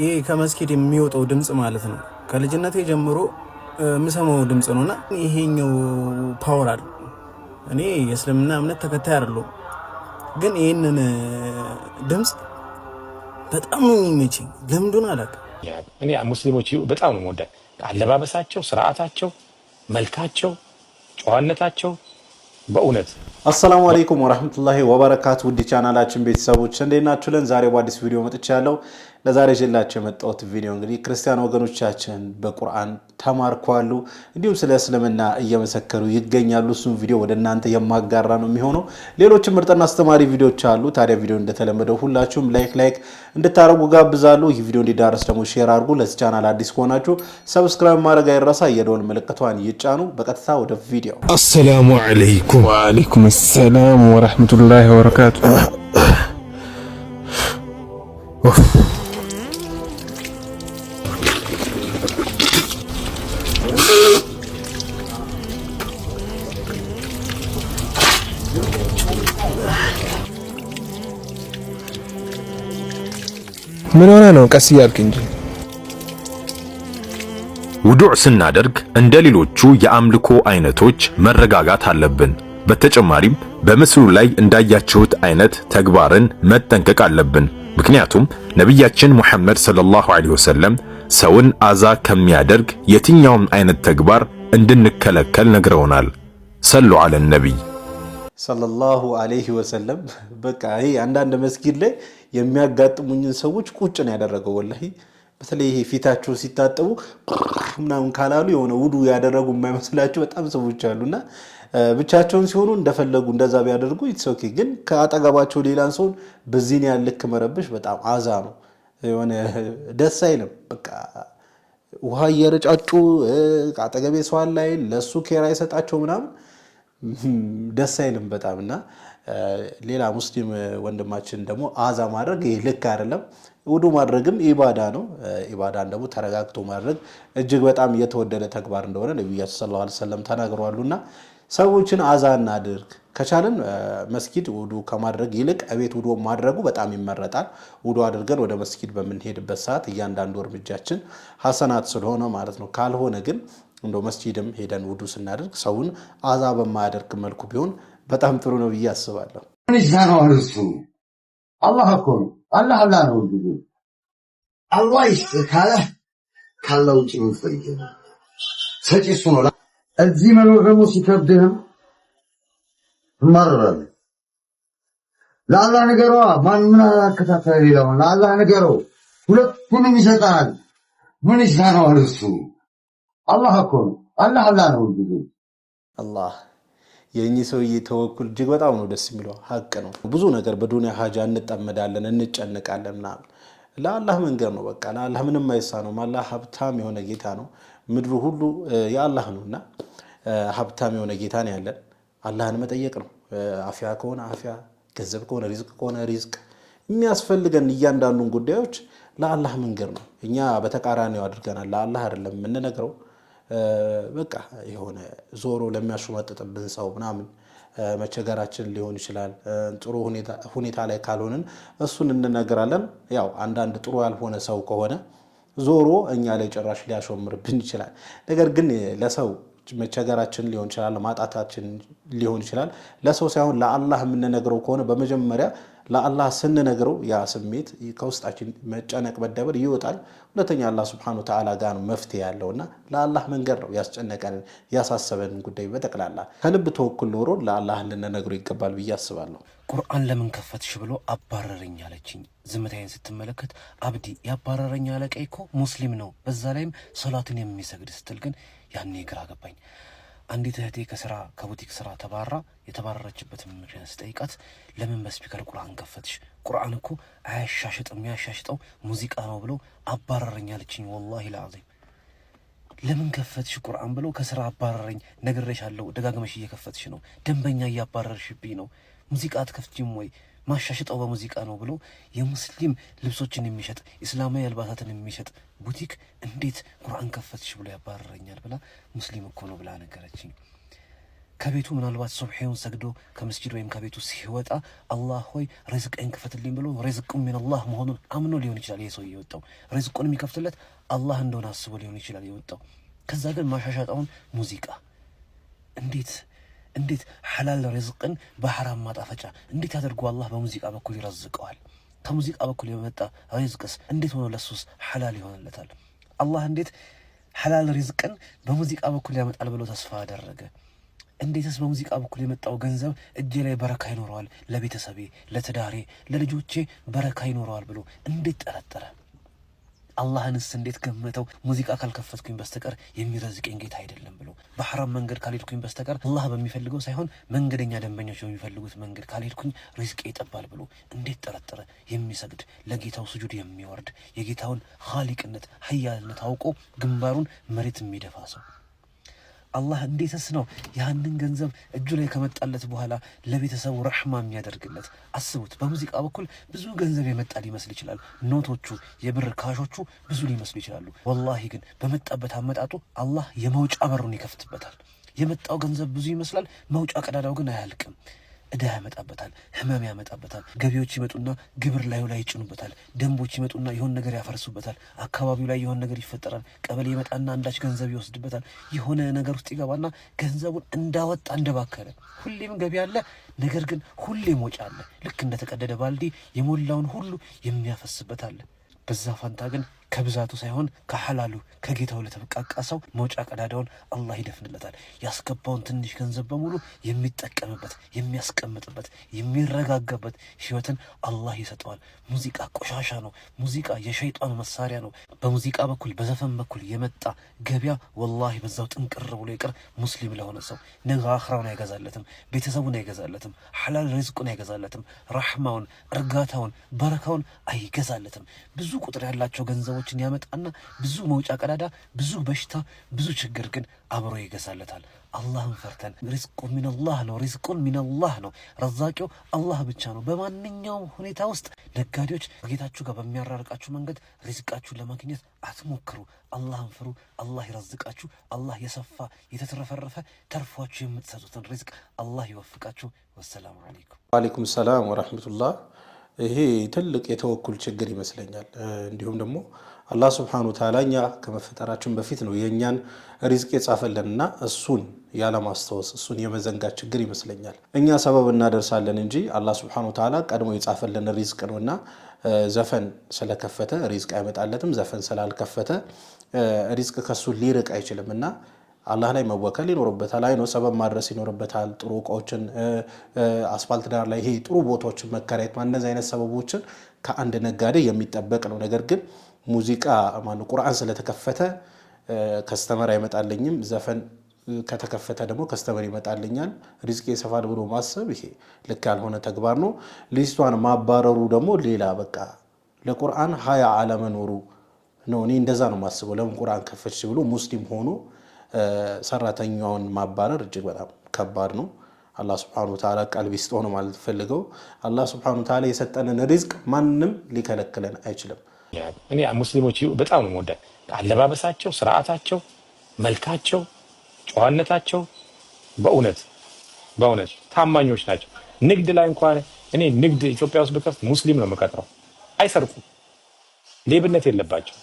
ይሄ ከመስጊድ የሚወጣው ድምፅ ማለት ነው። ከልጅነቴ ጀምሮ የምሰማው ድምፅ ነውና ይሄኛው ፓወር አለ። እኔ የእስልምና እምነት ተከታይ አይደለሁም፣ ግን ይህንን ድምፅ በጣም ነው የሚመቸኝ። ለምንድን አላውቅም። እኔ ሙስሊሞች በጣም ነው የምወዳት አለባበሳቸው፣ ስርዓታቸው፣ መልካቸው፣ ጨዋነታቸው በእውነት አሰላሙ አለይኩም ወራህመቱላሂ ወበረካቱ። ውድ ቻናላችን ቤተሰቦች እንዴት ለን ዛሬ በአዲስ ቪዲዮ መጥቻለሁ። ለዛሬ ጀላቸው የመጣሁት ቪዲዮ እንግዲህ ክርስቲያን ወገኖቻችን በቁርአን ተማርከዋሉ፣ እንዲሁም ስለ እስልምና እየመሰከሩ ይገኛሉ። እሱም ቪዲዮ ወደ እናንተ የማጋራ ነው የሚሆነው። ሌሎችም ምርጥና አስተማሪ ቪዲዮዎች አሉ። ታዲያ ቪዲዮ እንደተለመደው ሁላችሁም ላይክ ላይክ እንድታደርጉ ጋብዛሉ። ይህ ቪዲዮ እንዲዳረስ ደግሞ ሼር አድርጉ። ለዚህ ቻናል አዲስ ከሆናችሁ ሰብስክራይብ ማድረግ አይረሳ። የደወል ምልክቷን ይጫኑ። በቀጥታ ወደ ቪዲዮ። አሰላሙ አለይኩም ወአለይኩም ሰላም ወረህመቱላሂ ወበረካቱ ቀስ እያልክ እንጂ። ውዱዕ ስናደርግ እንደ ሌሎቹ የአምልኮ አይነቶች መረጋጋት አለብን። በተጨማሪም በምስሉ ላይ እንዳያችሁት አይነት ተግባርን መጠንቀቅ አለብን። ምክንያቱም ነቢያችን ሙሐመድ ሰለላሁ ዐለይሂ ወሰለም ሰውን አዛ ከሚያደርግ የትኛውም አይነት ተግባር እንድንከለከል ነግረውናል። ሰሉ ዐለ ነቢይ ሰለላሁ ዐለይሂ ወሰለም። በቃ ይሄ አንዳንድ መስጊድ ላይ የሚያጋጥሙኝን ሰዎች ቁጭ ነው ያደረገው። ወላሂ በተለይ ይሄ ፊታቸው ሲታጠቡ ምናምን ካላሉ የሆነ ውዱ ያደረጉ የማይመስላቸው በጣም ሰዎች አሉ። እና ብቻቸውን ሲሆኑ እንደፈለጉ እንደዛ ቢያደርጉ ኢትሶኬ። ግን ከአጠገባቸው ሌላን ሰውን በዚህን ያልክ ልክ መረብሽ በጣም አዛ ነው፣ የሆነ ደስ አይልም። በቃ ውሃ እየረጫጩ አጠገቤ ሰዋን ላይ ለእሱ ኬራ የሰጣቸው ምናምን ደስ አይልም በጣም እና ሌላ ሙስሊም ወንድማችን ደግሞ አዛ ማድረግ ይህ ልክ አይደለም። ውዱ ማድረግም ኢባዳ ነው። ኢባዳን ደግሞ ተረጋግቶ ማድረግ እጅግ በጣም የተወደደ ተግባር እንደሆነ ነቢያችን ሰለላሁ ዐለይሂ ወሰለም ተናግረዋሉና ሰዎችን አዛ እናድርግ ከቻለን መስጊድ ውዱ ከማድረግ ይልቅ እቤት ውዱ ማድረጉ በጣም ይመረጣል። ውዱ አድርገን ወደ መስጊድ በምንሄድበት ሰዓት እያንዳንዱ እርምጃችን ሀሰናት ስለሆነ ማለት ነው። ካልሆነ ግን እንደ መስጂድም ሄደን ውዱ ስናደርግ ሰውን አዛ በማያደርግ መልኩ ቢሆን በጣም ጥሩ ነው ብዬ አስባለሁ። እዛ ነው እሱ አላህ እኮ ነው። አላህ አላህ ነው እንግዲ አላህ ይስጥ ካለ ካለ ውጭ ሰጪ እሱ ነው። እዚህ መኖር ደግሞ ሲከብድህም ለአላህ ነገሯ ማን ምን አላከታተለ ሌላውን ለአላህ ነገረው፣ ሁለቱንም ይሰጣል። ምን ይሳነዋል እሱ አላህ እኮ ነው። አላህ አላህ ነው እንግዲ አላህ የእኚህ ሰውዬ ተወኩል እጅግ በጣም ነው ደስ የሚለው። ሀቅ ነው። ብዙ ነገር በዱንያ ሀጃ እንጠመዳለን፣ እንጨነቃለን ምናምን። ለአላህ መንገድ ነው በቃ ለአላህ ምንም ነው። አላህ ሀብታም የሆነ ጌታ ነው። ምድሩ ሁሉ የአላህ ነው እና ሀብታም የሆነ ጌታ ነው ያለን። አላህን መጠየቅ ነው። አፍያ ከሆነ አፍያ፣ ገንዘብ ከሆነ ሪዝቅ ከሆነ ሪዝቅ፣ የሚያስፈልገን እያንዳንዱን ጉዳዮች ለአላህ መንገድ ነው። እኛ በተቃራኒው አድርገናል። ለአላህ አይደለም የምንነግረው በቃ የሆነ ዞሮ ለሚያሽሟጥጥብን ሰው ምናምን መቸገራችን ሊሆን ይችላል። ጥሩ ሁኔታ ላይ ካልሆንን እሱን እንነገራለን። ያው አንዳንድ ጥሩ ያልሆነ ሰው ከሆነ ዞሮ እኛ ላይ ጭራሽ ሊያሾምርብን ይችላል። ነገር ግን ለሰው መቸገራችን ሊሆን ይችላል፣ ማጣታችን ሊሆን ይችላል። ለሰው ሳይሆን ለአላህ የምንነግረው ከሆነ በመጀመሪያ ለአላህ ስንነግረው ያ ስሜት ከውስጣችን መጨነቅ መደበር ይወጣል። ሁለተኛ አላህ ስብሐነሁ ወተዓላ ጋር ነው መፍትሄ እና ለአላህ መንገድ ነው ያስጨነቀንን ያሳሰበንን ጉዳይ በጠቅላላ ከልብ ተወኩል ኖሮ ለአላህ ልንነግረው ይገባል ብዬ አስባለሁ። ቁርአን ለምን ከፈትሽ ብሎ አባረረኝ አለችኝ። ዝምታዬን ስትመለከት አብዲ ያባረረኝ አለቃ እኮ ሙስሊም ነው፣ በዛ ላይም ሰላትን የሚሰግድ ስትል ግን ያኔ ግራ ገባኝ። አንዲት እህቴ ከስራ ከቡቲክ ስራ ተባራ የተባረረችበትን ምክንያት ስጠይቃት ለምን በስፒከር ቁርአን ከፈትሽ? ቁርአን እኮ አያሻሽጥም፣ የሚያሻሽጠው ሙዚቃ ነው ብለው አባረረኝ አለችኝ። ወላሂ ለአዚም ለምን ከፈትሽ ቁርአን ብለው ከስራ አባረረኝ። ነግሬሻለሁ፣ ደጋግመሽ እየከፈትሽ ነው፣ ደንበኛ እያባረርሽብኝ ነው። ሙዚቃ አትከፍትም ወይ ማሻሸጣው በሙዚቃ ነው ብሎ የሙስሊም ልብሶችን የሚሸጥ እስላማዊ አልባሳትን የሚሸጥ ቡቲክ እንዴት ቁርአን ከፈትሽ ብሎ ያባረረኛል ብላ ሙስሊም እኮ ነው ብላ ነገረችኝ። ከቤቱ ምናልባት ሱብሒውን ሰግዶ ከመስጂድ ወይም ከቤቱ ሲወጣ አላህ ሆይ ሪዝቅ ክፈትልኝ ብሎ ርዝቁ ሚንላህ መሆኑን አምኖ ሊሆን ይችላል። ይሄ ሰው የወጣው ሪዝቁን የሚከፍትለት አላህ እንደሆነ አስቦ ሊሆን ይችላል የወጣው። ከዛ ግን ማሻሻጣውን ሙዚቃ እንዴት እንዴት ሐላል ሪዝቅን በሐራም ማጣፈጫ እንዴት ያደርጉ አላህ በሙዚቃ በኩል ይረዝቀዋል? ከሙዚቃ በኩል የመጣ ሪዝቅስ እንዴት ሆኖ ለሱስ ሐላል ይሆንለታል? አላህ እንዴት ሐላል ሪዝቅን በሙዚቃ በኩል ያመጣል ብሎ ተስፋ አደረገ? እንዴትስ በሙዚቃ በኩል የመጣው ገንዘብ እጄ ላይ በረካ ይኖረዋል፣ ለቤተሰቤ፣ ለትዳሬ፣ ለልጆቼ በረካ ይኖረዋል ብሎ እንዴት ጠረጠረ? አላህንስ እንዴት ገመተው ሙዚቃ ካልከፈትኩኝ በስተቀር የሚረዝቀኝ ጌታ አይደለም ብሎ በሐራም መንገድ ካልሄድኩኝ በስተቀር አላህ በሚፈልገው ሳይሆን መንገደኛ ደንበኞች በሚፈልጉት መንገድ ካልሄድኩኝ ሪዝቄ ይጠባል ብሎ እንዴት ጠረጠረ? የሚሰግድ ለጌታው ስጁድ የሚወርድ የጌታውን ኻሊቅነት ሀያልነት አውቆ ግንባሩን መሬት የሚደፋ ሰው አላህ እንዴትስ ነው ያንን ገንዘብ እጁ ላይ ከመጣለት በኋላ ለቤተሰቡ ረሕማ የሚያደርግለት? አስቡት። በሙዚቃ በኩል ብዙ ገንዘብ የመጣ ሊመስል ይችላል። ኖቶቹ፣ የብር ካሾቹ ብዙ ሊመስሉ ይችላሉ። ወላሂ ግን በመጣበት አመጣጡ አላህ የመውጫ በሩን ይከፍትበታል። የመጣው ገንዘብ ብዙ ይመስላል፣ መውጫ ቀዳዳው ግን አያልቅም። እዳ ያመጣበታል፣ ህመም ያመጣበታል። ገቢዎች ይመጡና ግብር ላዩ ላይ ይጭኑበታል። ደንቦች ይመጡና የሆን ነገር ያፈርሱበታል። አካባቢው ላይ የሆን ነገር ይፈጠራል። ቀበሌ ይመጣና አንዳች ገንዘብ ይወስድበታል። የሆነ ነገር ውስጥ ይገባና ገንዘቡን እንዳወጣ እንደባከለ። ሁሌም ገቢ አለ፣ ነገር ግን ሁሌም ወጪ አለ። ልክ እንደተቀደደ ባልዲ የሞላውን ሁሉ የሚያፈስበት አለ። በዛ ፋንታ ግን ከብዛቱ ሳይሆን ከሐላሉ ከጌታው ለተበቃቃ ሰው መውጫ ቀዳዳውን አላህ ይደፍንለታል። ያስገባውን ትንሽ ገንዘብ በሙሉ የሚጠቀምበት፣ የሚያስቀምጥበት፣ የሚረጋጋበት ህይወትን አላህ ይሰጠዋል። ሙዚቃ ቆሻሻ ነው። ሙዚቃ የሸይጣን መሳሪያ ነው። በሙዚቃ በኩል በዘፈን በኩል የመጣ ገበያ ወላሂ በዛው ጥንቅር ብሎ ይቅር። ሙስሊም ለሆነ ሰው ነገ አኽራውን አይገዛለትም፣ ቤተሰቡን አይገዛለትም፣ ሐላል ሪዝቁን አይገዛለትም፣ ራሕማውን፣ እርጋታውን፣ በረካውን አይገዛለትም። ብዙ ቁጥር ያላቸው ገንዘቦች ነገሮችን ያመጣና ብዙ መውጫ ቀዳዳ፣ ብዙ በሽታ፣ ብዙ ችግር ግን አብሮ ይገዛለታል። አላህን ፈርተን ሪዝቁ ሚንላህ ነው። ሪዝቁን ሚንላህ ነው። ረዛቂው አላህ ብቻ ነው። በማንኛውም ሁኔታ ውስጥ ነጋዴዎች ጌታችሁ ጋር በሚያራርቃችሁ መንገድ ሪዝቃችሁን ለማግኘት አትሞክሩ። አላህን ፍሩ። አላህ ይረዝቃችሁ። አላህ የሰፋ የተትረፈረፈ ተርፏችሁ የምትሰጡትን ሪዝቅ አላህ ይወፍቃችሁ። ወሰላሙ አለይኩም ወአለይኩም ሰላም ወረሕመቱላህ። ይሄ ትልቅ የተወኩል ችግር ይመስለኛል። እንዲሁም ደግሞ አላህ ስብሐኑ ወተዓላ እኛ ከመፈጠራችን በፊት ነው የእኛን ሪዝቅ የጻፈልንና እሱን ያለማስታወስ እሱን የመዘንጋት ችግር ይመስለኛል። እኛ ሰበብ እናደርሳለን እንጂ አላህ ስብሐኑ ወተዓላ ቀድሞ የጻፈልን ሪዝቅ ነውና ዘፈን ስለከፈተ ሪዝቅ አይመጣለትም። ዘፈን ስላልከፈተ ሪዝቅ ከሱ ሊርቅ አይችልም እና አላህ ላይ መወከል ይኖርበታል። አይ ነው ሰበብ ማድረስ ይኖርበታል። ጥሩ እቃዎችን አስፋልት ዳር ላይ ይሄ ጥሩ ቦታዎችን መከራየት፣ እንደዚህ አይነት ሰበቦችን ከአንድ ነጋዴ የሚጠበቅ ነው። ነገር ግን ሙዚቃ ማነው ቁርአን ስለተከፈተ ከስተመር አይመጣልኝም፣ ዘፈን ከተከፈተ ደግሞ ከስተመር ይመጣልኛል፣ ሪዝቅ ይሰፋል ብሎ ማሰብ ይሄ ልክ ያልሆነ ተግባር ነው። ልጅቷን ማባረሩ ደግሞ ሌላ በቃ ለቁርአን ሀያ አለመኖሩ ነው። እኔ እንደዛ ነው የማስበው። ለምን ቁርአን ከፈች ብሎ ሙስሊም ሆኖ ሰራተኛውን ማባረር እጅግ በጣም ከባድ ነው። አላህ ስብሐነሁ ወተዓላ ቀልብ ይስጠው ነው ማለት ፈልገው። አላህ ስብሐነሁ ወተዓላ የሰጠንን ሪዝቅ ማንም ሊከለክለን አይችልም። እኔ ሙስሊሞች በጣም ነው የምወዳት። አለባበሳቸው፣ ስርዓታቸው፣ መልካቸው፣ ጨዋነታቸው በእውነት በእውነት ታማኞች ናቸው። ንግድ ላይ እንኳን እኔ ንግድ ኢትዮጵያ ውስጥ ብከፍት ሙስሊም ነው የምቀጥረው። አይሰርቁም፣ ሌብነት የለባቸው፣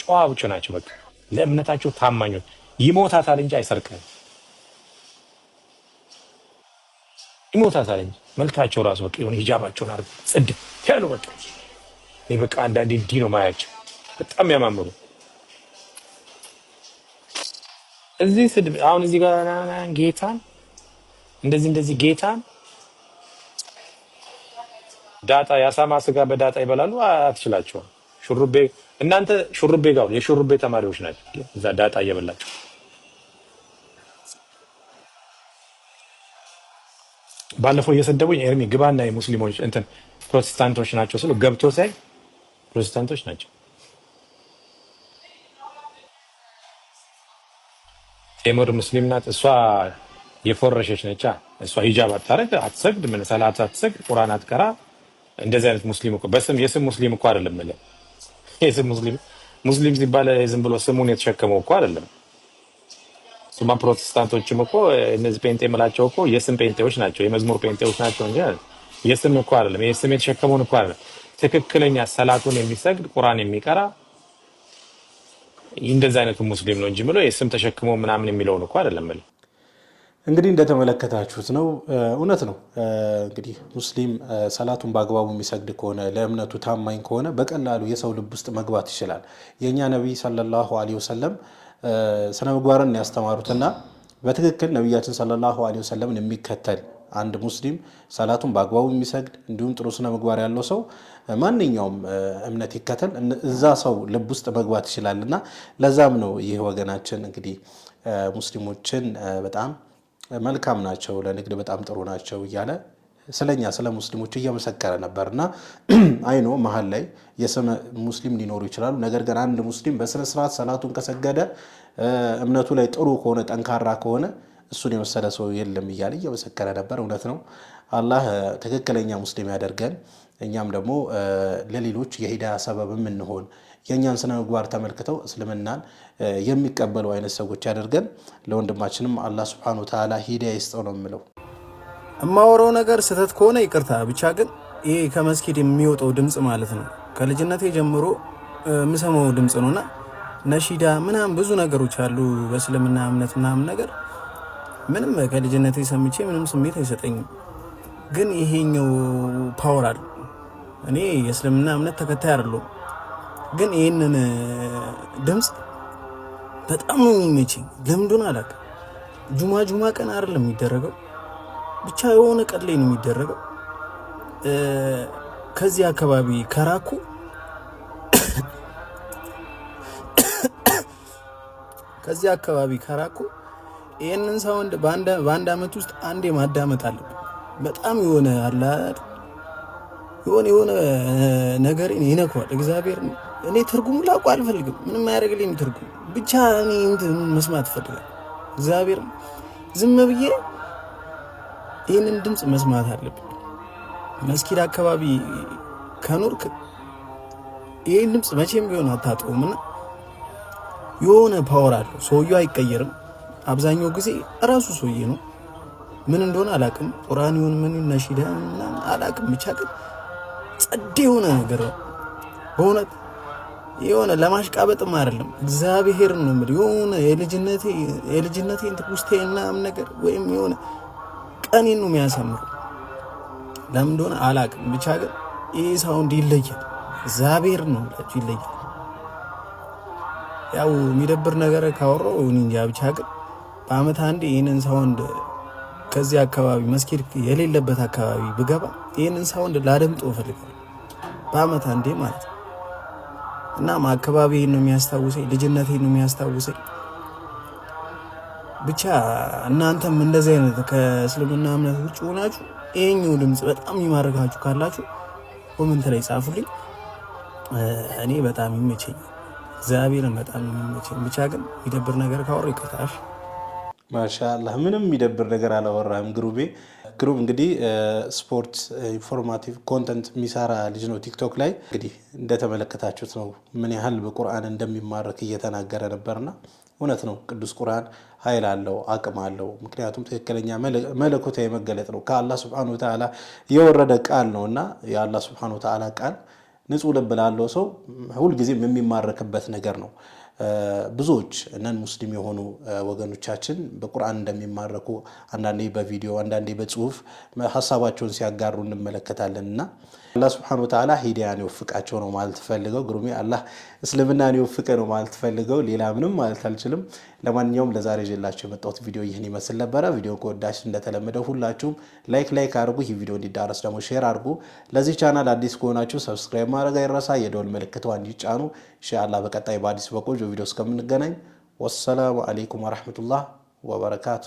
ጨዋዎች ናቸው። በቃ ለእምነታቸው ታማኞች። ይሞታታል እንጂ አይሰርቅም፣ ይሞታታል እንጂ መልካቸው ራሱ በቃ የሆነ ሂጃባቸውን አድርገው ጽድት ያሉ በቃ እኔ በቃ አንዳንዴ እንዲህ ነው ማያቸው፣ በጣም ያማምሩ እዚህ ስድብ አሁን እዚህ ጋር ጌታን እንደዚህ እንደዚህ ጌታን ዳጣ የአሳማ ስጋ በዳጣ ይበላሉ። አትችላቸውም። ሹሩቤ እናንተ ሹሩቤ ጋር የሹሩቤ ተማሪዎች ናቸው። እዛ ዳጣ እየበላቸው ባለፈው እየሰደቡኝ ኤርሚ ግባና የሙስሊሞች እንትን ፕሮቴስታንቶች ናቸው ስሉ ገብቶ ሳይ ፕሮቴስታንቶች ናቸው። ቴምር ሙስሊም ናት። እሷ የፎረሸች ነቻ። እሷ ሂጃብ አታረግ፣ አትሰግድ፣ ምን ሰላት አትሰግድ፣ ቁርአን አትቀራ። እንደዚህ አይነት ሙስሊም እኮ በስም የስም ሙስሊም እኮ አይደለም። የስም ሙስሊም ሙስሊም ሲባል ዝም ብሎ ስሙን የተሸከመው እኮ አይደለም። እሱማ ፕሮቴስታንቶችም እኮ እነዚህ ጴንጤ የምላቸው እኮ የስም ጴንጤዎች ናቸው፣ የመዝሙር ጴንጤዎች ናቸው እንጂ የስም እኮ አይደለም። የስም የተሸከመውን እኮ አይደለም። ትክክለኛ ሰላቱን የሚሰግድ ቁርአን የሚቀራ እንደዚ አይነቱ ሙስሊም ነው እንጂ ብሎ የስም ተሸክሞ ምናምን የሚለውን እኮ አይደለም። እንግዲህ እንደተመለከታችሁት ነው። እውነት ነው። እንግዲህ ሙስሊም ሰላቱን በአግባቡ የሚሰግድ ከሆነ ለእምነቱ ታማኝ ከሆነ በቀላሉ የሰው ልብ ውስጥ መግባት ይችላል። የእኛ ነቢይ ሰለላሁ ዐለይሂ ወሰለም ስነ ምግባርን ያስተማሩትና በትክክል ነቢያችን ሰለላሁ ዐለይሂ ወሰለምን የሚከተል አንድ ሙስሊም ሰላቱን በአግባቡ የሚሰግድ እንዲሁም ጥሩ ስነ ምግባር ያለው ሰው ማንኛውም እምነት ይከተል እዛ ሰው ልብ ውስጥ መግባት ይችላል እና ለዛም ነው ይህ ወገናችን እንግዲህ ሙስሊሞችን በጣም መልካም ናቸው፣ ለንግድ በጣም ጥሩ ናቸው እያለ ስለኛ ስለ ሙስሊሞች እየመሰከረ ነበር እና አይኖ መሀል ላይ የስመ ሙስሊም ሊኖሩ ይችላሉ። ነገር ግን አንድ ሙስሊም በስነስርዓት ሰላቱን ከሰገደ እምነቱ ላይ ጥሩ ከሆነ ጠንካራ ከሆነ እሱን የመሰለ ሰው የለም እያለ እየመሰከረ ነበር። እውነት ነው። አላህ ትክክለኛ ሙስሊም ያደርገን፣ እኛም ደግሞ ለሌሎች የሂዳ ሰበብ የምንሆን የእኛን ስነ ምግባር ተመልክተው እስልምናን የሚቀበሉ አይነት ሰዎች ያደርገን። ለወንድማችንም አላህ ስብሐነሁ ወተዓላ ሂዳ ይስጠው ነው የምለው። የማወረው ነገር ስህተት ከሆነ ይቅርታ። ብቻ ግን ይሄ ከመስጊድ የሚወጣው ድምፅ ማለት ነው ከልጅነቴ ጀምሮ የምሰማው ድምፅ ነውና ነሺዳ ምናምን ብዙ ነገሮች አሉ በእስልምና እምነት ምናምን ነገር ምንም ከልጅነቴ ሰምቼ ምንም ስሜት አይሰጠኝም። ግን ይሄኛው ፓወር አለ። እኔ የእስልምና እምነት ተከታይ አይደለሁም፣ ግን ይህንን ድምፅ በጣም ነው የሚመቸኝ። ለምንድን አላውቅም። ጁማ ጁማ ቀን አይደለም የሚደረገው ብቻ የሆነ ቀን ላይ ነው የሚደረገው። ከዚህ አካባቢ ከራኩ ከዚህ አካባቢ ከራኩ ይህንን ሳውንድ በአንድ አመት ውስጥ አንዴ ማዳመጥ አለብን። በጣም የሆነ አለ የሆነ የሆነ ነገር ይነኳል እግዚአብሔር እኔ ትርጉሙ ላውቅ አልፈልግም። ምንም አያደርግልኝም ትርጉም ብቻ እኔ እንትን መስማት ፈልጋል እግዚአብሔር ዝም ብዬ ይህንን ድምፅ መስማት አለብን። መስጊድ አካባቢ ከኖርክ ይህን ድምፅ መቼም ቢሆን አታጥቁም እና የሆነ ፓወር አለው። ሰውየው አይቀየርም። አብዛኛው ጊዜ እራሱ ሰውዬ ነው። ምን እንደሆነ አላቅም። ቁራኒውን ምን ነሺዳ አላቅም። ብቻ ግን ጸድ የሆነ ነገር በእውነት የሆነ ለማሽቃበጥም አይደለም። እግዚአብሔር ነው የምልህ የሆነ የልጅነቴ የልጅነቴ ውስጤ ምናምን ነገር ወይም የሆነ ቀኔን ነው የሚያሰምረው። ለምን እንደሆነ አላቅም፣ ብቻ ግን ይህ ሳውንድ ይለያል። እግዚአብሔር ነው ብላችሁ ይለያል። ያው የሚደብር ነገር ካወራው እንጃ፣ ብቻ ግን በአመት አንድ ይህንን ሳውንድ ከዚህ አካባቢ መስጊድ የሌለበት አካባቢ ብገባ ይህንን ሳውንድ ላደምጦ እፈልጋለሁ። በአመት አንዴ ማለት ነው። እናም አካባቢ ነው የሚያስታውሰኝ፣ ልጅነቴ ነው የሚያስታውሰኝ። ብቻ እናንተም እንደዚህ አይነት ከእስልምና እምነት ውጭ ሆናችሁ ይሄኛው ድምፅ በጣም የሚማርካችሁ ካላችሁ ኮመንት ላይ ጻፉልኝ። እኔ በጣም ይመቸኝ፣ እግዚአብሔርን በጣም የሚመቸኝ ብቻ ግን የሚደብር ነገር ካወሩ ይቅርታሽ ማሻላህ ምንም የሚደብር ነገር አላወራህም። ግሩቤ ግሩብ እንግዲህ ስፖርት ኢንፎርማቲቭ ኮንተንት የሚሰራ ልጅ ነው ቲክቶክ ላይ እንግዲህ እንደተመለከታችሁት ነው ምን ያህል በቁርአን እንደሚማረክ እየተናገረ ነበርና እውነት ነው። ቅዱስ ቁርአን ኃይል አለው፣ አቅም አለው። ምክንያቱም ትክክለኛ መለኮታዊ መገለጥ ነው ከአላህ ስብሐነሁ ወተዓላ የወረደ ቃል ነው እና የአላህ ስብሐነሁ ወተዓላ ቃል ንጹሕ ልብ ላለው ሰው ሁልጊዜም የሚማረክበት ነገር ነው። ብዙዎች ነን ሙስሊም የሆኑ ወገኖቻችን በቁርአን እንደሚማረኩ አንዳንዴ በቪዲዮ አንዳንዴ በጽሁፍ ሀሳባቸውን ሲያጋሩ እንመለከታለን እና አላህ ስብሐነ ወተዓላ ሂዳያን የወፍቃቸው ነው ማለት ፈልገው ግሩሜ አላህ እስልምናን የወፍቀ ነው ማለት ፈልገው ሌላ ምንም ማለት አልችልም። ለማንኛውም ለዛሬ ይዤላችሁ የመጣሁት ቪዲዮ ይህን ይመስል ነበረ። ቪዲዮ ከወዳችሁ እንደተለመደው ሁላችሁም ላይክ ላይክ አድርጉ። ይህ ቪዲዮ እንዲዳረስ ደግሞ ሼር አድርጉ። ለዚህ ቻናል አዲስ ከሆናችሁ ሰብስክራይብ ማድረግ አይረሳ። የደወል ምልክቷን ይጫኑ። ኢንሻአላህ በቀጣይ በአዲስ በቆጆ ቪዲዮ እስከምንገናኝ ወሰላሙ አሌይኩም ወረሕመቱላህ ወበረካቱ።